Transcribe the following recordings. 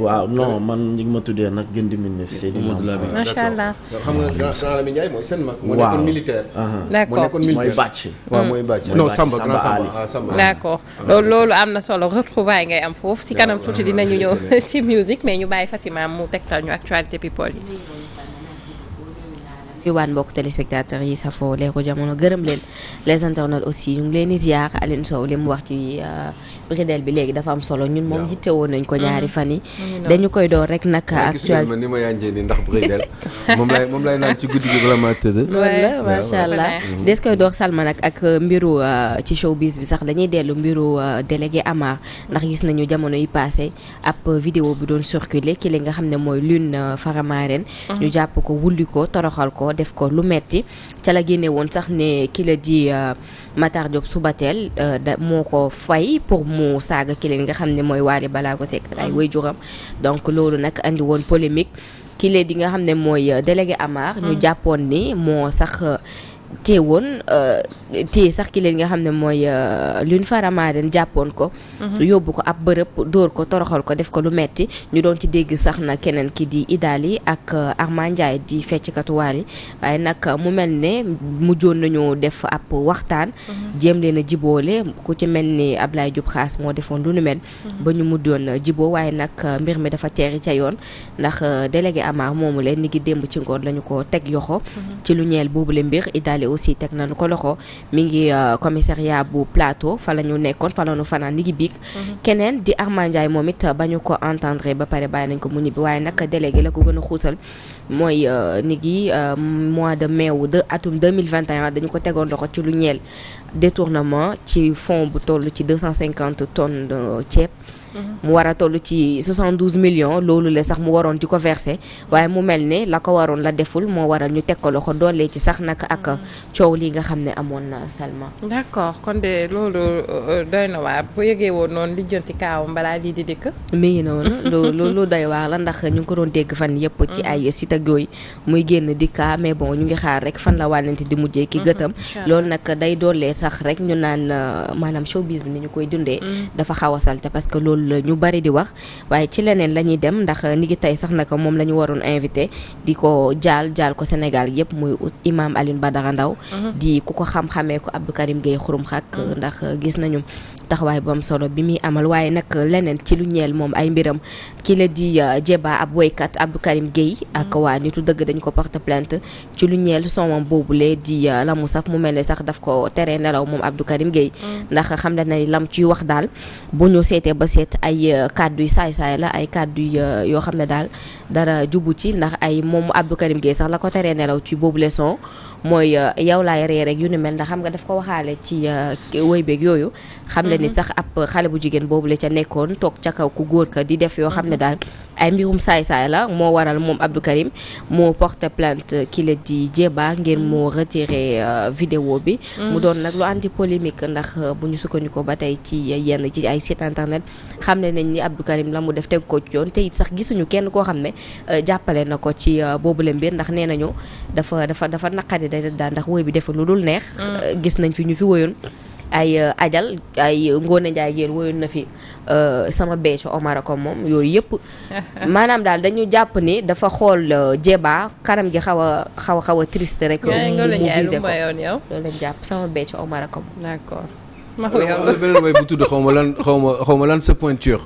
waaw non man ñi ma tuddee nag gën di ministre Seydi mm-hmm. Lamine macha allah xam nga grand Seydi moo nekkoon militaire moo mooy bàcc waaw mooy bàcc non ah, loolu loolu am na solo retrouvaille ngay am foofu si kanam tuuti ah, dinañu ah, ñëw si musique mais ñu bàyyi Fatima mu tegtal ñu actualité people yi ñu waan mbokk téléspectateurs yi safoo leeru jamono gërëm leen les internautes aussi ñu ngi leen di ziar Alioune Sow li wax ci euh, ridel bi léegi dafa am solo ñun moom yitte woon nañ ko mm-hmm. ñaari fan yi dañu koy door rek nag actuel ni ma yànjee ni ndax ridel moom lay naan ci guddi gi vraiment tëdd loolu la macha allah des koy door salma nag ak euh, mbiru euh, ci showbiz bi sax dañuy dellu mbiru euh, délégué Amar ndax gis nañu jamono yi passé ab vidéo bi doon circulé ki li nga xam ne mooy lune faramaren mm-hmm. ñu jàpp ko wulli ko toroxal ko def ko lu metti ca la génne woon sax ne ki di mat Diop Soubatel moo ko fay mu saaga kile nga xam ne mooy Wally Ballago Seck ak ay waajuram donc loolu nag andi woon polémique kile di nga xam ne mooy euh, délégué Amar ñu mm. jàppoon ni moo sax euh, teewoon euh, tii sax ki leen nga xam ne mooy euh, lune faramaaren jàppoon ko mhm. yóbbu ko ab bërëb dóor ko toroxal ko def ko lu metti ñu doon ci dégg sax na keneen ki di Idali ak euh, Armand Ndiaye di fecckatu Wally waaye nag mu mel ne mujjoon nañu def ab waxtaan mhm. jéem leen jiboole ku ci mel ni Ablaye Diop Xaas moo defoon lu nu mhm. ba ñu mujjoon euh, jiboo waaye nag mbir mi dafa teeri ca yoon ndax délégué Amar moomu leen ni ngi démb ci ngoon lañu ko teg yoxo ci lu ñeel boobu le mbir Idali aussi teg nañu ko loxo mi ngi euh, commissariat bu plateau fa la ñu nekkoon fa la ñu fanaan nigi biig mhm. keneen di Armand Ndiaye moom it ba ñu ko entendre ba pare bàyyi nañ ko mu ñibbi waaye nag délégué la ko gën a xuusal mooy euh, nigi euh, mois de mai wu de atum 2021 dañu ko tegoon loxo ci lu ñeel détournement ci fonds bu toll ci 250 tonnes ceeb mu war a toll ci 72 loolu la sax mu waroon di ko verser waaye mu mel ne la ko waroon la deful moo waral ñu teg ko loxo doolee ci sax nag ak coow lii nga xam ne amoon na Salma. d'accord kon de loolu euh, doy na waar bu yëgee woon noonu lijjanti kaawam balaa lii di dikk. mi ngi noonu loolu lu doy waar la ndax ñu ngi ko doon dégg fan yëpp. ci mm. ay site ak muy génn di kaa mais bon ñu ngi xaar rek fan la wàllante di mujjee ki mm-hmm. gëtam. loolu nag day doolee sax rek ñu naan euh, maanaam showbiz bi ñu koy dundee. Mm. dafa xaw a salte loolu taxul ñu bari di wax waaye ci leneen la ñuy dem ndax ni ngi tey sax naka moom la ñu waroon invité di ko jaal jaal ko Sénégal yëpp muy imam Alioune Badara Ndao mhm. di ku ko xam-xamee ko Abdou Karim Gueye xurum xak mhm. ndax gis nañu taxawaay bu am solo bi muy amal waaye nag leneen ci lu ñeel moom ay mbiram ki la di euh, Jeba ab woykat Abdou Karim Gueye ak mm. waa nitu dëgg dañu ko porte plainte ci lu ñeel boobu lee di euh, lamu saf mu mel ne sax daf ko tere nelaw moom Abdou Karim Gueye mm. ndax xam na ne lam ciy wax daal bu ñu seetee ba seet ay euh, kàddu yu saay-saay la ay kàddu yoo xam ne daal dara jubu ci ndax ay moom Abdou Karim Gueye sax la ko teree nelaw ci boobu boobule son mooy euh, yow laay ree rek yu ni mel ndax xam nga daf ko waxaale ci euh, woy beeg yooyu xam ne ni mhm. sax ab xale bu jigéen boobu la ca nekkoon toog ca kaw ku góor ka di def yoo xam ne mhm. daal ay mbirum saay-saay la moo waral moom Abdou Karim moo porté plainte ki la di Jeeba ngir moo mm. retiré euh, vidéo bi. Mm. mu doon nag lu anti polémique ndax euh, bu ñu sukkandikoo ba tey ci yenn ci ay site internet xam ne nañ ni Abdou Karim la mu def teg ko ci yoon te it sax gisuñu kenn koo xam ne euh, jàppale na ko ci boobu boobule mbir ndax nee nañu dafa dafa dafa naqari da daan ndax woy bi defa lu dul neex. Mm. gis nañ fi ñu fi woyoon. ay euh, ajal ay euh, ngoone Ndiaye yéen woyoon na fi euh, sama beeco Omar ko moom yooyu yëpp maanaam daal dañu jàpp ni dafa xool jeebaa kanam gi xaw a xaw a xaw a rek. mu visé ko loolu lañ jàpp sama beeco Omar ko moom. d'accord ma beneen way bu tudd xaw ma lan xaw ma xaw ma lan sa pointure.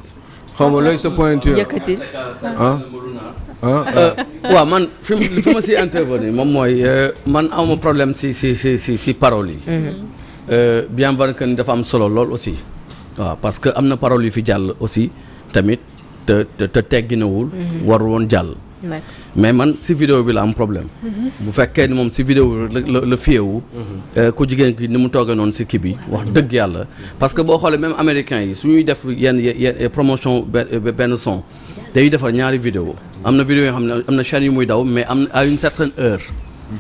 xaw ma looy sa pointure yëkkati ah, ah? waaw man fi fi ma si intervenir moom mooy man awma problème si si si si si paroles yi. Mhm. Euh, bien vrai que ni dafa am solo lool aussi waaw parce que am na parole yu fi jàll aussi tamit te te tegginawul mhm. war woon jàll mais man si vidéo bi la am problème mhm. bu fekkee ni moom si vidéo bi la la fiyewu mhm. euh, ku jigéen ki ni mu toogee noonu si kii bi wax dëgg yàlla parce que boo xoolee même américain yi su ñuy def yenn yenn promotion benn son dañuy defar ñaari video am na vidéo yoo xam ne am na chaîne yu muy daw mais am na à une certaine heure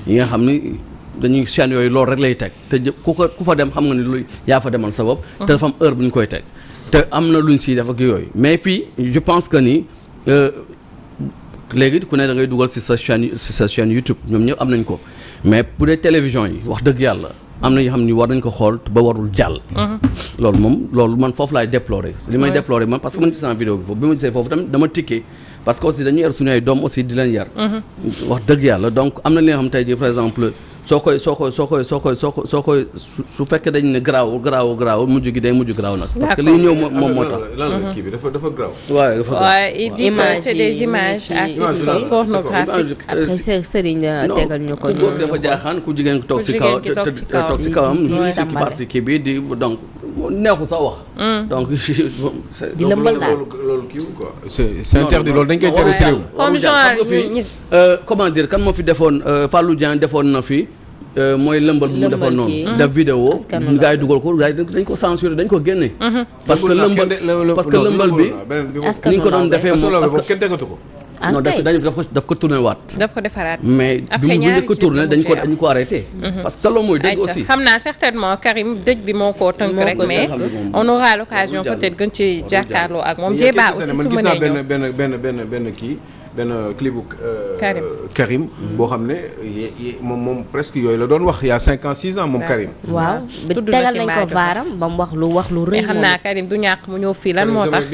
yi nga xam ni dañuy chaîne yooyu loolu rek lay teg te ku ko ku fa dem xam nga ni lu yaa fa demal sa mm-hmm. te dafa am heure bu ñu koy teg te am na lu ñu siy def ak yooyu mais fii je pense que ni euh, léegi ku ne da dugal si sa chaîne sa chaîne YouTube ñoom ñëpp am nañ ko mais bu dee télévision yi wax dëgg yàlla. am na yoo xam ni war nañ ko xool ba warul jàll. Mm-hmm. loolu moom loolu man foofu laay déplorer. li may déplorer man parce que man gis naa vidéo bi foofu dama tikkee parce mm-hmm. xam tey jii soo koy soo koy soo koy soo koy soo koy soo koy su fekkee dañ ne garaaw garaaw garaaw mujj gi day mujj garaaw nag. parce que liy ñëw moom moo ah, tax. lan la mhm. kii bi dafa dafa garaaw. waaw dafa garaaw image c'est des images articles pornographiques. après sëriñ euh, tegal ñu ko. ku góor dafa jaaxaan ku jigéen toog si kaw toog si kawam. Mm-hmm. juste partie kii bi di donc. neexul sax wax. Mm. donc di lëmbal daal loolu kii quoi. c'est interdit loolu dañ koy tere si réew. comme genre fii euh, comment dire kan moo fi defoon euh, Fallou Dieng defoon na fi. Euh, mooy lëmbal bu mu defoon noonu. def vidéo gars yi dugal ko gars yi dañ ko censuré dañ ko génne. Mm-hmm. parce que lëmbal bi. ni ñu ko doon defee moom parce que kenn déggatu ko. non ah, daf ko daf ko tourné waat. daf ko defaraat mais bi mu njëkk a tourné dañ ko dañ ko arrêté. Mhm. parce que taloo mooy xam naa certainement Karim dëj bi moo ko tënk rek. mais on aura l'occasion peut-être gën ci jàkkaarloo ak moom. jéem aussi su ma nee benn benn benn benn kii. benn clip bu. Euh, Karim Karim boo xam ne moom moom presque yooyu la doon wax y' cinquante cinq ans six ans moom Karim. waaw tegal nañ ko vaaram ba mu wax lu wax lu rëy. mais xam naa ñëw fii lan moo tax.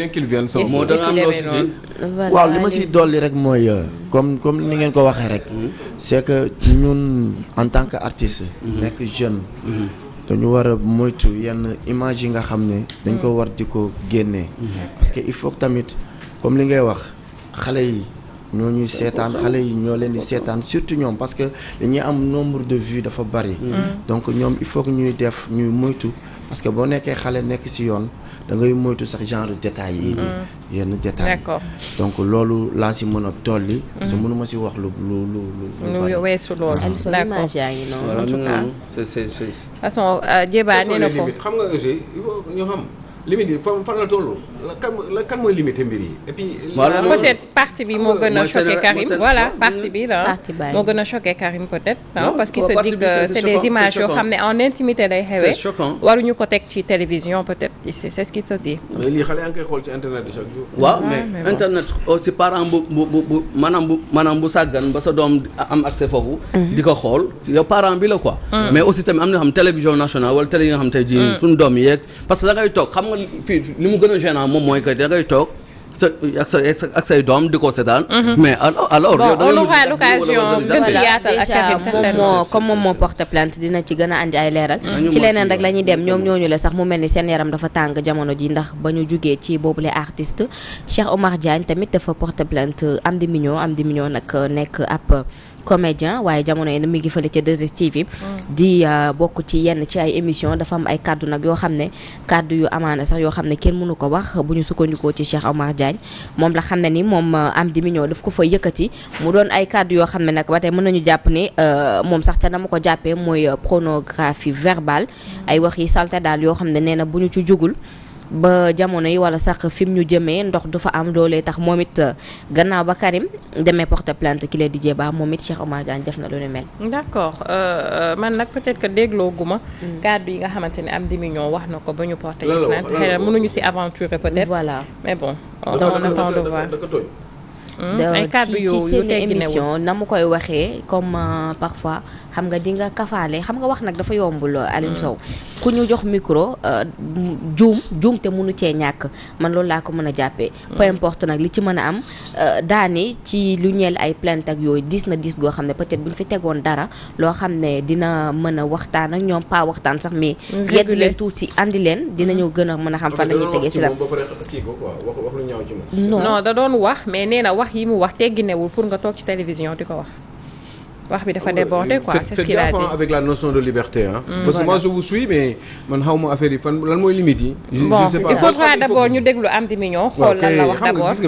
ma si dolli rek mooy euh, comme comme ni ngeen ko waxee rek. Mm-hmm. c'est que ñun en tant que artiste. Mm-hmm. nekk jeune. Mm-hmm. dañu war a moytu yenn image yi nga xam ne dañ ko war di ko génnee parce que il faut tamit comme li ngay wax xale yi ñoo ñuy seetaan xale yi ñoo leen di seetaan surtout ñoom parce que dañuy am nombre de vues dafa bari. Mm. donc ñoom il faut que ñuy def ñuy moytu parce que boo nekkee xale nekk ci yoon da ngay moytu sax genre détails yi nii mm. yenn détails yi donc loolu laa ci mën a tolli parce que mm. mënuma ci wax lu lu lu lu lu weesu loolu ah. d'accord en tout cas c'est c'est façon euh, Dieba nee ko xam nga aussi il faut ñu xam limite yi fan la tollu la kan la kan mooy limité mbir yi et parti bi moo gën a choqué Karim voilà parti bi la moo gën a choqué Karim peut-être. se dit que c'est des images yoo xam ne en intimité lay xewee. c'est choquant waruñu ko teg ci télévision peut-être c'est c'est ce qui se dit. mais lii xale yaa ngi koy xool ci jour. waaw mais internet aussi oh, parent bu bu bu bu maanaam bu maanaam ba sa doom am accès foofu. Mhm. di ko xool yow parent bi la quoi. Mhm. mais aussi tamit am na xam télévision nationale wala télé yi mhm. a moom mooy que da ngay toog sa ak sa ak say doom di ko seetaan. Mhm. mais alors alors. bon on aura l'occasion gën ci moom moo porte plainte dina ci gën a andi ay leeral. Ah, ci leneen rek la ñuy dem ñoom ñooñu la sax mu mel ni seen yaram dafa tàng jamono ji ndax ba ñu jugee ci boobule artiste Cheikh Omar Diagne tamit dafa porte plainte Amdy Mignon Amdy Mignon nag nekk ab. comédien waaye jamono yi mi ngi fële ca 2STV. di euh, bokk ci yenn ci ay émission dafa am ay kàddu nag yoo xam ne kàddu yu amaana sax yoo xam ne kenn mënu ko wax bu ñu sukkandikoo ci Cheikh Omar Diagne moom la xam ne ni moom euh, am di million daf ko fa yëkkati mu doon ay kàddu yoo xam ne nag ba tey mën nañu jàpp ni euh, moom sax ca dama ko jàppee mooy pornographie verbale ay wax yi salte daal yoo xam ne nee na bu ñu ci jógul ba jamono yi wala sax fi mu ñu jëmee ndox du fa am loolee tax moom it euh, gannaaw ba Karim demee porte plainte ki la di jeebaa moom it Cheikh Omar Diagne def na lu ne mel. d'accord euh, euh, man nag peut-être que dégloo guma mm. kàddu yi nga xamante ne am dimi wax na ko ba ñu porté. loolu la xëy na mënuñu ci aventurer peut-être. voilà mais bon. on attend hmm? ci seen émission na mu koy waxee comme parfois. xam nga di nga kafaale xam nga wax nag dafa yombul Alioune mm. Sow ku ñu jox micro euh, juum juum te mënu cee ñàkk man loolu laa ko mën a jàppe mm. peu importe nag li ci mën a am euh, daani ci lu ñeel ay plainte ak yooyu diis na dis goo xam ne peut-être bu ñu fi tegoon dara loo xam ne dina mën a waxtaan ak ñoom paa waxtaan sax mais mm, yedd leen tuuti andi leen dinañu gën a mën a xam fan la ñuy tegee si la non da doon wax mais nee na wax yi mu wax teggi tegginewul pour nga toog ci télévision di ko wax wax bi dafa déborder quoi c'est ce qu'il avec la notion de liberté ah. parce que moi je vous suis mais man xaw ma affaire yi fan lan mooy limite yi. je ne sais pas il faudra ñu déglu am di mignon. xool lan la wax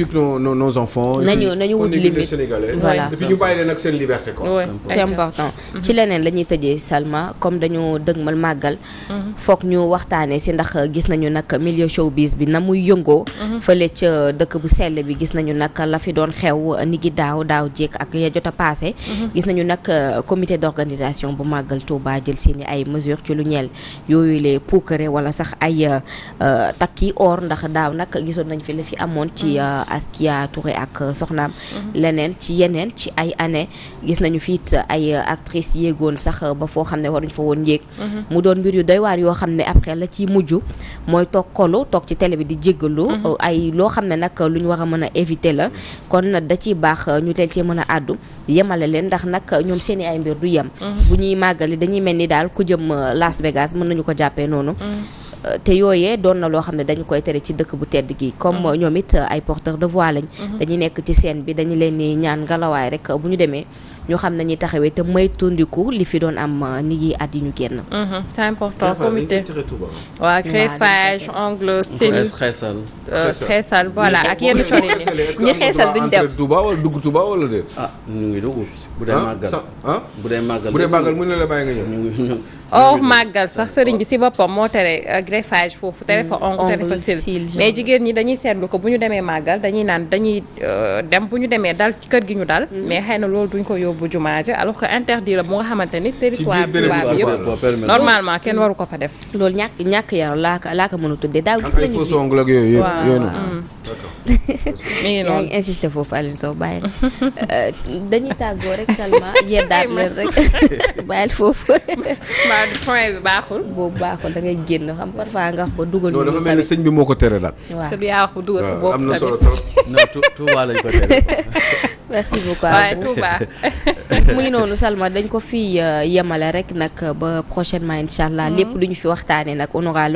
d'abord nañu nañu wut limite sénégalais ñu bàyyi leen ak seen liberté quoi. c'est important ci leneen la tëjee Salma comme dañu dëgmal màggal. Mhm. foog ñu waxtaanee si ndax gis nañu nag milieu showbiz bi na muy yëngoo. Mhm. fële ca dëkk bu sell bi gis nañu nag la fi doon xew gi daaw daaw jékk ak ya jot a mm-hmm. gis nañu nag euh, comité d'organisation bu màggal Touba jël seeni ay mesures ci lu ñeel yooyu les puukare wala sax ay euh, euh, takki or ndax daaw nag gisoon nañ fi la fi amoon ci mm-hmm. Askia Touré ak soxnaam mm-hmm. leneen ci yeneen ci ay année gis nañu fi it ay actrice yéegoon sax ba foo xam ne waruñ fa woon yéeg mu doon mbir yu doy waar yoo xam ne après la ci mujj mooy toog kolu toog ci télé bi di jéggalu ay loo xam ne nag lu war a mën a éviter la kon da ci baax Euh, ñu teel cee mën a àddu yemale leen ndax nag euh, ñoom seeni ay mbir du yem mm-hmm. bu ñuy màggalee dañuy mel ni daal ku jëm euh, Las Vegas mën nañu ko jàppee noonu mm-hmm. te yooyee doon na loo xam ne dañu koy tere ci dëkk bu tedd gi comme mm-hmm. ñoom it ay porteurs de voix lañ dañuy nekk ci seen bi dañu leen ni ñaan ngalawaay rek bu ñu demee ñu xam nañuy taxawee te may tundiku li fi doon am euh, ni yi at yi ñu génn. Mhm, c'est important comité waaw greffage ongle cellule xeesal xeesal euh, voilà ak yenn coono yi ñi xeesal dem dugg Touba wala déet. ah ñu ngi dugg bu dee ah, ah? bu dee màggal bu dee mu ne la bàyyi nga ñëw. or oh, màggal sax sëriñ bi si boppam moo tere euh, greffage foofu tere fa ongle tere fa cellule jigéen ñi dañuy seetlu ko bu ñu demee màggal dañuy naan dañuy dem bu ñu demee dal ci kër gi ñu dal mm-hmm. mais xëy na loolu duñ ko yóbbu bu jumaa ja alors que interdire bu nga xamante ni territoire tubaab yëpp normalement kenn waru ko fa def loolu ñàkk ñàkk yar laa ko laa ko a tuddee daaw gis nañu faux ongle ak yooyu yooyu noonu mm. mi ngi noonu insisté foofu Alioune Sow bàyyi euh, dañuy tàggoo rek seulement yeddaat leen rek bàyyil foofu ba point bi baaxul boobu baaxul da ngay génn xam parfois nga wax ba dugal loolu dafa mel ni sëñ bi moo ko tere daal parce que du yaa sa bopp am na solo trop ko tere merci beaucoup waaye Touba muy noonu Salma dañ ko fi euh, yemale rek nag euh, ba prochainement incha allah mm-hmm. lépp lu ñu fi waxtaanee nag on aura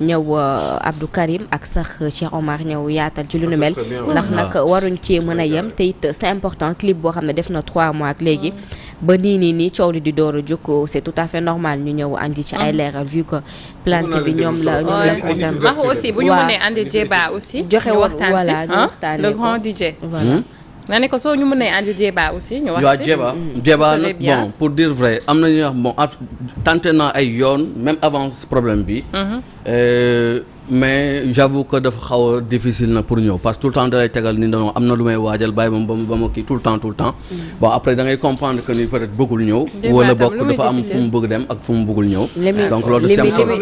ñëw euh, Abdou Karim ak sax Cheikh Omar ñëw yaatal ci lu nu mel ndax nag ah. waruñ cee mën a yem te it c'est important clip boo xam ne def na trois mois ak léegi mm-hmm. ba nii nii nii coow li di door a jóg oh, c'est tout à fait normal ñu ñëw andi ci ay mm-hmm. leeral vu que plante bi ñoom la ñoom la concerne. waaw ah, aussi bu ñu mënee andi Jeeba aussi. joxe woon ñu waxtaanee le grand DJ. Hmm? nga ne ko soo ñu mënee andi Jeeba aussi. ñu wax si waaw Jeeba. Mm. Jeeba nag bon pour dire vrai am na ñuy wax bon tenté naa ay yoon même avance problème bi. Mm-hmm. Euh, mais j'avoue que dafa xaw a difficile na pour ñëw parce que tout le temps dalay tegal ni dañoo am na lu may waajal bàyyi ma ba ma kii tout le temps tout le temps bon après da ngay comprendre que ni peut-être bëggul ñëw wala bokk dafa am fu mu bëgg dem ak fu mu bëggul ñëw donc loolu da solo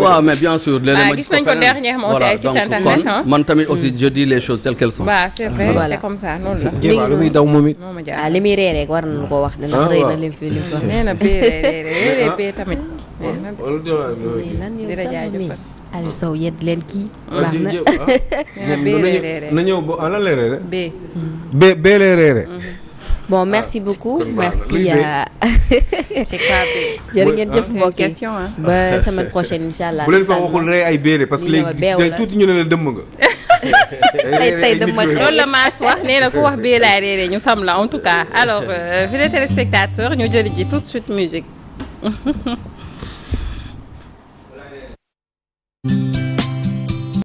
waaw mais bien sûr léeg-léeg ma gis nañ ko dernièrement voilà donc kon man tamit aussi je dis les choses telles qu'elles sont waaw c'est vrai c'est comme ça noonu la lu muy daw moom it waaw li muy ree rek war nañu ko wax dana rëy na lim fi lim wax nee na bee tamit Aliou Sow yedd leen kii. baax na na ñëw bon ah, merci beaucoup merci à. jërë ngeen jëf ah. mbokk ba semaine prochaine incha allah. bu leen fa waxul rey ay béere parce que léegi tuuti ñu ne la dëmm nga. tey tey de mot loolu la maas wax nee ku wax bee laay reere ñu tam la en tout cas alors euh, fidèles téléspectateurs ñu jëli ji tout de suite musique